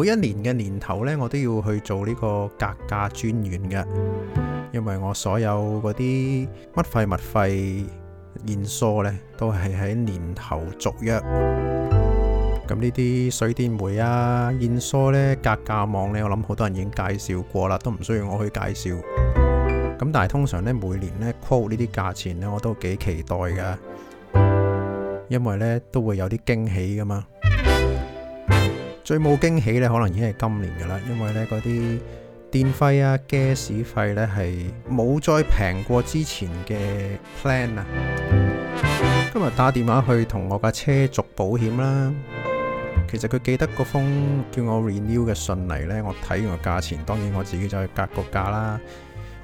每一年嘅年頭呢，我都要去做呢個格價專員嘅，因為我所有嗰啲乜費物費、燕梳呢，都係喺年頭續約。咁呢啲水電煤啊、燕梳呢、格價網呢，我諗好多人已經介紹過啦，都唔需要我去介紹。咁但係通常呢，每年呢，call 呢啲價錢呢，我都幾期待噶，因為呢，都會有啲驚喜噶嘛。最冇驚喜呢，可能已經係今年噶啦，因為呢嗰啲電費啊、gas 費呢，係冇再平過之前嘅 plan 啦。今日打電話去同我架車續保險啦。其實佢記得個封叫我 renew 嘅信嚟呢，我睇完個價錢，當然我自己就去格個價啦。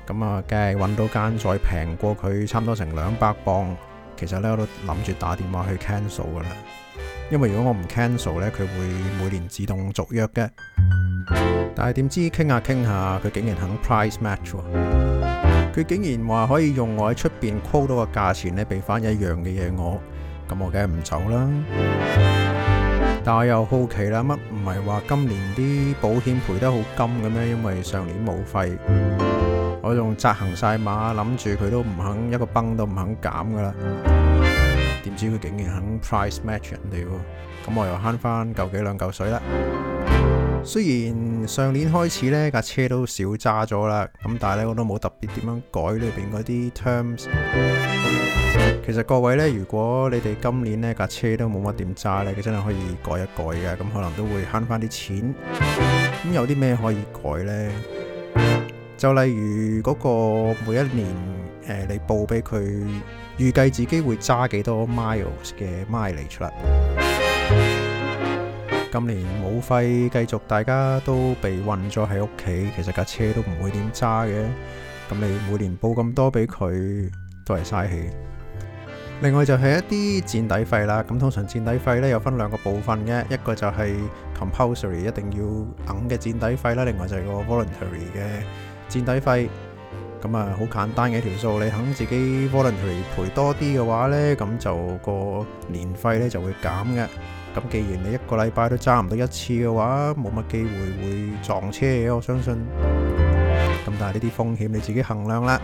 咁啊，梗係揾到間再平過佢，差唔多成兩百磅。其實呢，我都諗住打電話去 cancel 噶啦。因為如果我唔 cancel 咧，佢會每年自動續約嘅。但係點知傾下傾下，佢竟然肯 price match。佢竟然話可以用我喺出邊 call 到個價錢咧，俾翻一樣嘅嘢我。咁我梗係唔走啦。但係我又好奇啦，乜唔係話今年啲保險賠得好金咁樣？因為上年冇費，我仲扎行晒馬，諗住佢都唔肯一個崩都唔肯減噶啦。點知佢竟然肯 price match 人哋啊喎，咁我又慳翻夠幾兩嚿水啦。雖然上年開始呢架車都少揸咗啦，咁但係呢，我都冇特別點樣改裏邊嗰啲 terms。其實各位呢，如果你哋今年呢架車都冇乜點揸呢，佢真係可以改一改嘅，咁可能都會慳翻啲錢。咁有啲咩可以改呢？就例如嗰個每一年，呃、你報俾佢預計自己會揸幾多 miles 嘅 mile 嚟出嚟。今年冇費，繼續大家都被困咗喺屋企，其實架車都唔會點揸嘅。咁你每年報咁多俾佢都係嘥氣。另外就係一啲墊底費啦。咁通常墊底費呢，有分兩個部分嘅，一個就係 compulsory 一定要硬嘅墊底費啦，另外就係個 voluntary 嘅。墊底費，咁啊，好簡單嘅一條數，你肯自己 voluntary 賠多啲嘅話呢，咁就個年費呢就會減嘅。咁既然你一個禮拜都揸唔到一次嘅話，冇乜機會會撞車嘅，我相信。咁但係呢啲風險你自己衡量啦。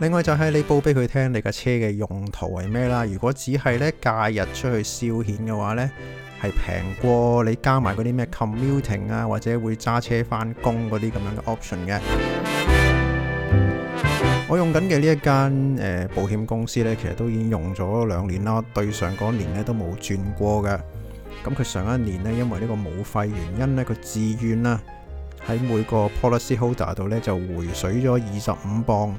另外就係你報俾佢聽你架車嘅用途係咩啦？如果只係呢假日出去消遣嘅話呢，係平過你加埋嗰啲咩 commuting 啊，或者會揸車返工嗰啲咁樣嘅 option 嘅。我用緊嘅呢一間誒、呃、保險公司呢，其實都已經用咗兩年啦，對上嗰年呢，都冇轉過嘅。咁佢上一年呢，因為呢個冇費原因呢，佢自願啦喺每個 policy holder 度呢，就回水咗二十五磅。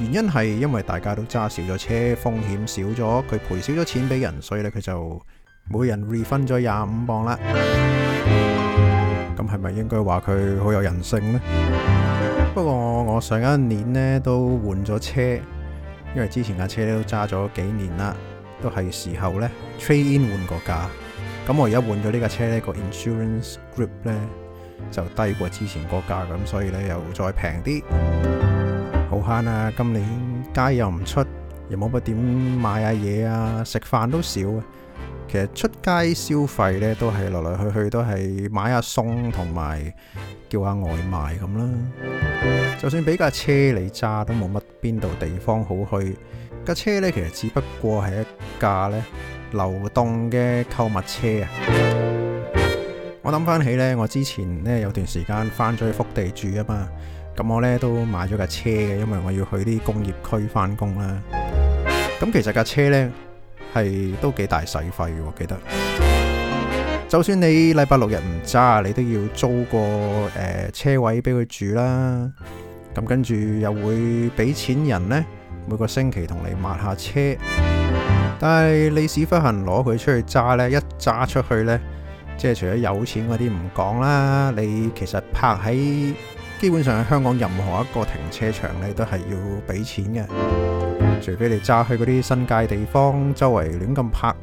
原因係因為大家都揸少咗車，風險少咗，佢賠少咗錢俾人，所以呢，佢就。每人 refund 咗廿五磅啦，咁係咪應該話佢好有人性呢？不過我上一年呢都換咗車，因為之前架車都揸咗幾年啦，都係時候呢 trade in 換個架。咁我而家換咗呢架車呢、個 insurance group 呢，就低過之前嗰架咁，所以呢又再平啲，好慳啊！今年街又唔出，又冇乜點買下嘢啊，食飯都少啊。其實出街消費呢都係來來去去都係買下餸同埋叫下外賣咁啦。就算俾架車你揸都冇乜邊度地方好去。架車呢，其實只不過係一架呢流動嘅購物車啊。我諗翻起呢，我之前呢有段時間翻咗去福地住啊嘛。咁我呢都買咗架車嘅，因為我要去啲工業區翻工啦。咁其實架車呢。係都幾大使費嘅，記得。就算你禮拜六日唔揸，你都要租個誒、呃、車位俾佢住啦。咁跟住又會俾錢人呢每個星期同你抹下車。但係你屎忽痕攞佢出去揸呢，一揸出去呢，即係除咗有錢嗰啲唔講啦，你其實拍喺。基本上喺香港任何一個停車場你都係要俾錢嘅，除非你揸去嗰啲新界地方，周圍亂咁泊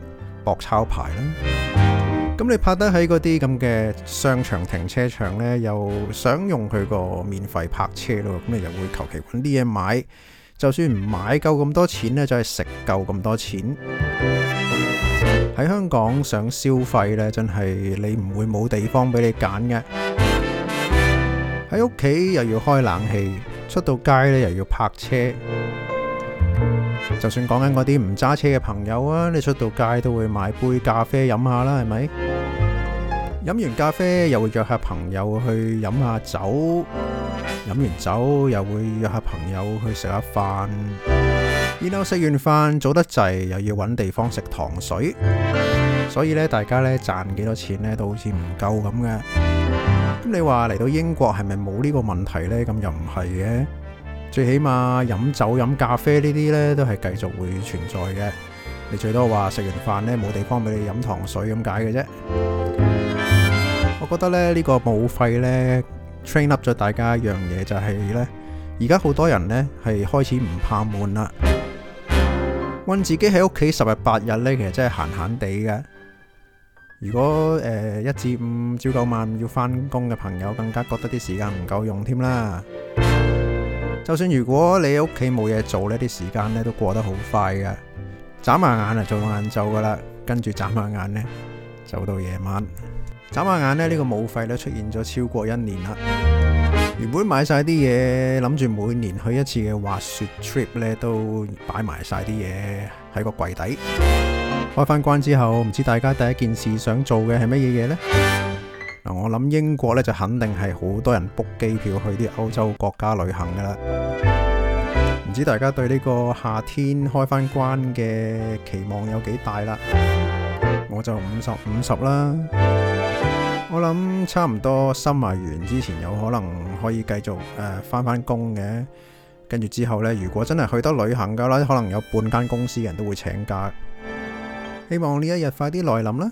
博抄牌啦。咁你泊得喺嗰啲咁嘅商場停車場呢，又想用佢個免費泊車咯，咁你又會求其揾啲嘢買，就算唔買夠咁多錢呢，就係食夠咁多錢。喺香港想消費呢，真係你唔會冇地方俾你揀嘅。喺屋企又要開冷氣，出到街呢又要泊車。就算講緊嗰啲唔揸車嘅朋友啊，你出到街都會買杯咖啡飲下啦，係咪？飲完咖啡又會約下朋友去飲下酒，飲完酒又會約下朋友去食下飯。然後食完飯早得滯，又要搵地方食糖水，所以呢，大家呢賺幾多錢呢都好似唔夠咁嘅。咁你話嚟到英國係咪冇呢個問題呢？咁又唔係嘅，最起碼飲酒、飲咖啡呢啲呢都係繼續會存在嘅。你最多話食完飯呢冇地方俾你飲糖水咁解嘅啫。嗯、我覺得咧呢、這個武肺呢 train up 咗大家一樣嘢就係呢。而家好多人呢係開始唔怕悶啦，韞自己喺屋企十日八日呢，其實真係閒閒地嘅。如果誒一至五朝九晚要返工嘅朋友，更加覺得啲時間唔夠用添啦。就算如果你屋企冇嘢做間，呢啲時間咧都過得好快噶。眨下眼啊，做到晏晝噶啦，跟住眨下眼呢，走到夜晚。眨下眼呢，這個、呢個武肺咧出現咗超過一年啦。原本買晒啲嘢，諗住每年去一次嘅滑雪 trip 呢，都擺埋晒啲嘢喺個櫃底。開返關之後，唔知大家第一件事想做嘅係乜嘢嘢呢？嗱，我諗英國呢就肯定係好多人 book 機票去啲歐洲國家旅行噶啦。唔知大家對呢個夏天開返關嘅期望有幾大 50, 50啦？我就五十五十啦。我諗差唔多收埋完之前，有可能可以繼續誒返返工嘅。跟、呃、住之後呢，如果真係去得旅行噶啦，可能有半間公司嘅人都會請假。希望呢一日快啲來臨啦！